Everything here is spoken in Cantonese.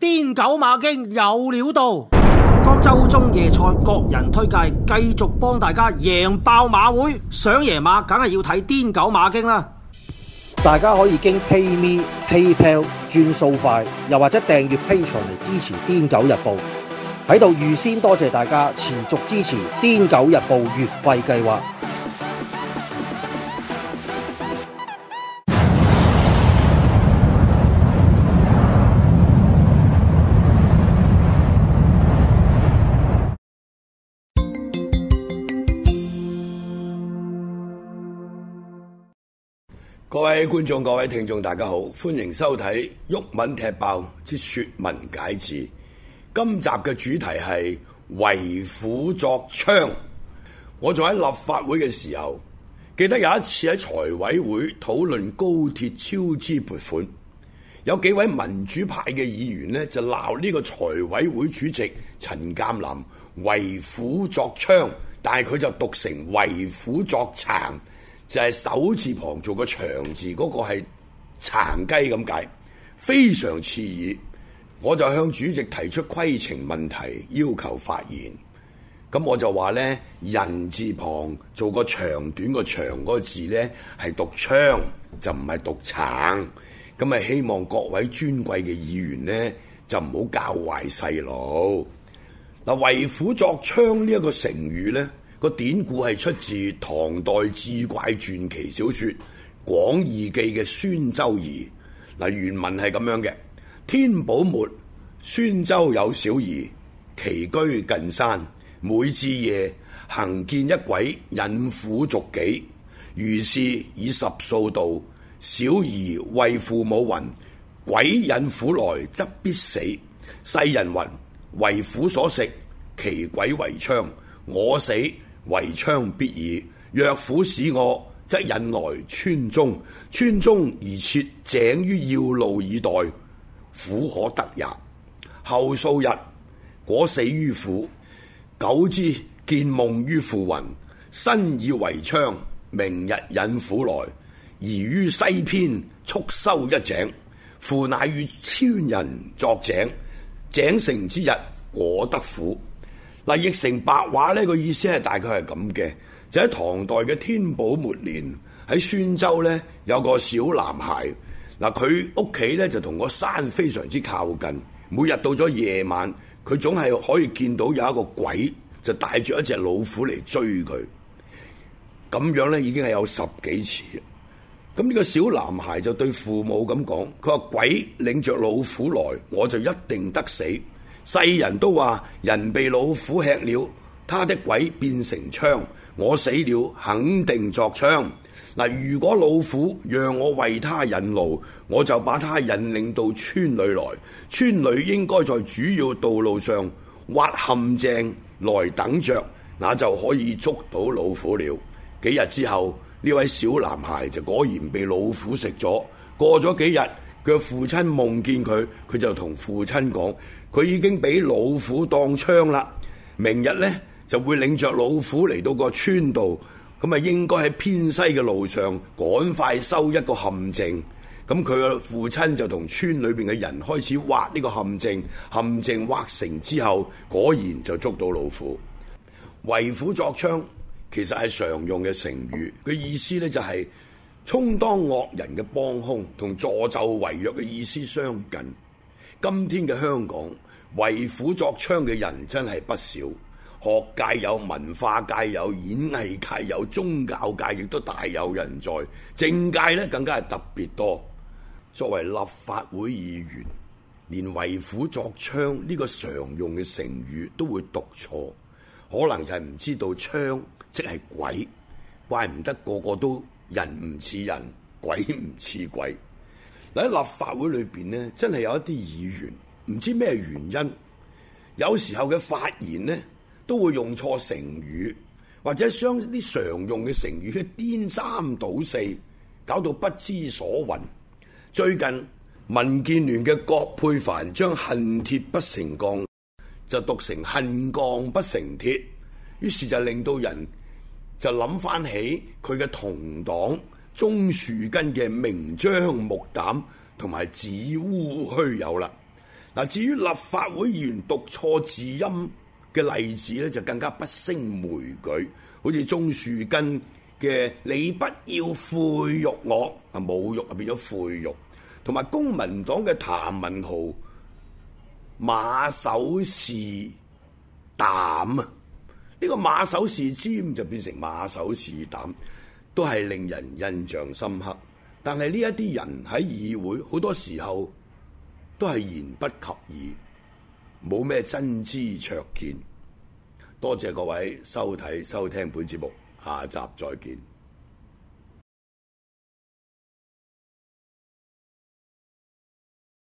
癲狗馬經有料到，當周中夜賽各人推介，繼續幫大家贏爆馬會。想贏馬梗係要睇癲狗馬經啦。大家可以經 PayMe PayPal 轉數快，又或者訂閱 Patreon 嚟支持癲狗日報。喺度預先多謝大家持續支持癲狗日報月費計劃。各位觀眾、各位聽眾，大家好，歡迎收睇《毓民踢爆之說文解字》。今集嘅主題係為虎作倀。我仲喺立法會嘅時候，記得有一次喺財委會討論高鐵超支撥款，有幾位民主派嘅議員呢，就鬧呢個財委會主席陳鑑林為虎作倀，但係佢就讀成為虎作殘」。就係手字旁做個長字，嗰、那個係殘雞咁解，非常刺耳。我就向主席提出規程問題，要求發言。咁我就話咧，人字旁做個長短個長個字咧，係讀槍就唔係讀殘。咁啊，希望各位尊貴嘅議員咧，就唔好教壞細路。嗱，為虎作倀呢一個成語咧。個典故係出自唐代志怪傳奇小說《廣異記》嘅孫周兒。嗱，原文係咁樣嘅：天寶末，孫周有小兒，其居近山，每至夜行，見一鬼引虎逐己。於是以十數度：「小兒為父母云：鬼引虎來，則必死。世人云：為虎所食，其鬼為倀，我死。圍倀必矣。若虎使我，則引來村中，村中而設井於要路以待，虎可得也。後數日，果死於虎。久之，見夢於父云：身以為倀，明日引虎來，而於西偏速修一井。父乃與村人作井，井成之日，果得虎。嗱，譯成白話呢個意思係大概係咁嘅，就喺唐代嘅天寶末年，喺宣州呢有個小男孩，嗱，佢屋企呢就同個山非常之靠近，每日到咗夜晚，佢總係可以見到有一個鬼就帶住一隻老虎嚟追佢，咁樣呢已經係有十幾次，咁呢個小男孩就對父母咁講，佢話鬼領着老虎來，我就一定得死。世人都話：人被老虎吃了，他的鬼變成倀。我死了肯定作倀。嗱，如果老虎讓我為他引路，我就把他引領到村裏來。村裏應該在主要道路上挖陷阱來等着，那就可以捉到老虎了。幾日之後，呢位小男孩就果然被老虎食咗。過咗幾日，嘅父親夢見佢，佢就同父親講：佢已經俾老虎當倀啦！明日呢，就會領着老虎嚟到個村度，咁啊應該喺偏西嘅路上趕快收一個陷阱。咁佢嘅父親就同村裏邊嘅人開始挖呢個陷阱。陷阱挖成之後，果然就捉到老虎。為虎作倀，其實係常用嘅成語。佢意思呢就係、是。充當惡人嘅幫凶同助紂為虐嘅意思相近。今天嘅香港為虎作倀嘅人真係不少，學界有，文化界有，演藝界有，宗教界亦都大有人在，政界呢更加係特別多。作為立法會議員，連為虎作倀呢個常用嘅成語都會讀錯，可能就係唔知道倀即係鬼，怪唔得個個都，人唔似人，鬼唔似鬼。嗱，喺立法會裏邊呢，真係有一啲議員唔知咩原因，有時候嘅發言呢都會用錯成語，或者將啲常用嘅成語去顛三倒四，搞到不知所云。最近民建聯嘅郭佩凡將恨鐵不成鋼就讀成恨鋼不成鐵，於是就令到人。就諗翻起佢嘅同黨鍾樹根嘅明張目膽同埋子烏虛有啦。嗱，至於立法會議員讀錯字音嘅例子咧，就更加不勝枚舉。好似鍾樹根嘅你不要悔辱我啊，侮辱啊變咗悔辱。同埋公民黨嘅譚文豪馬首是膽啊！呢個馬首是瞻就變成馬首是膽，都係令人印象深刻。但係呢一啲人喺議會好多時候都係言不及義，冇咩真知灼見。多謝各位收睇收聽本節目，下集再見。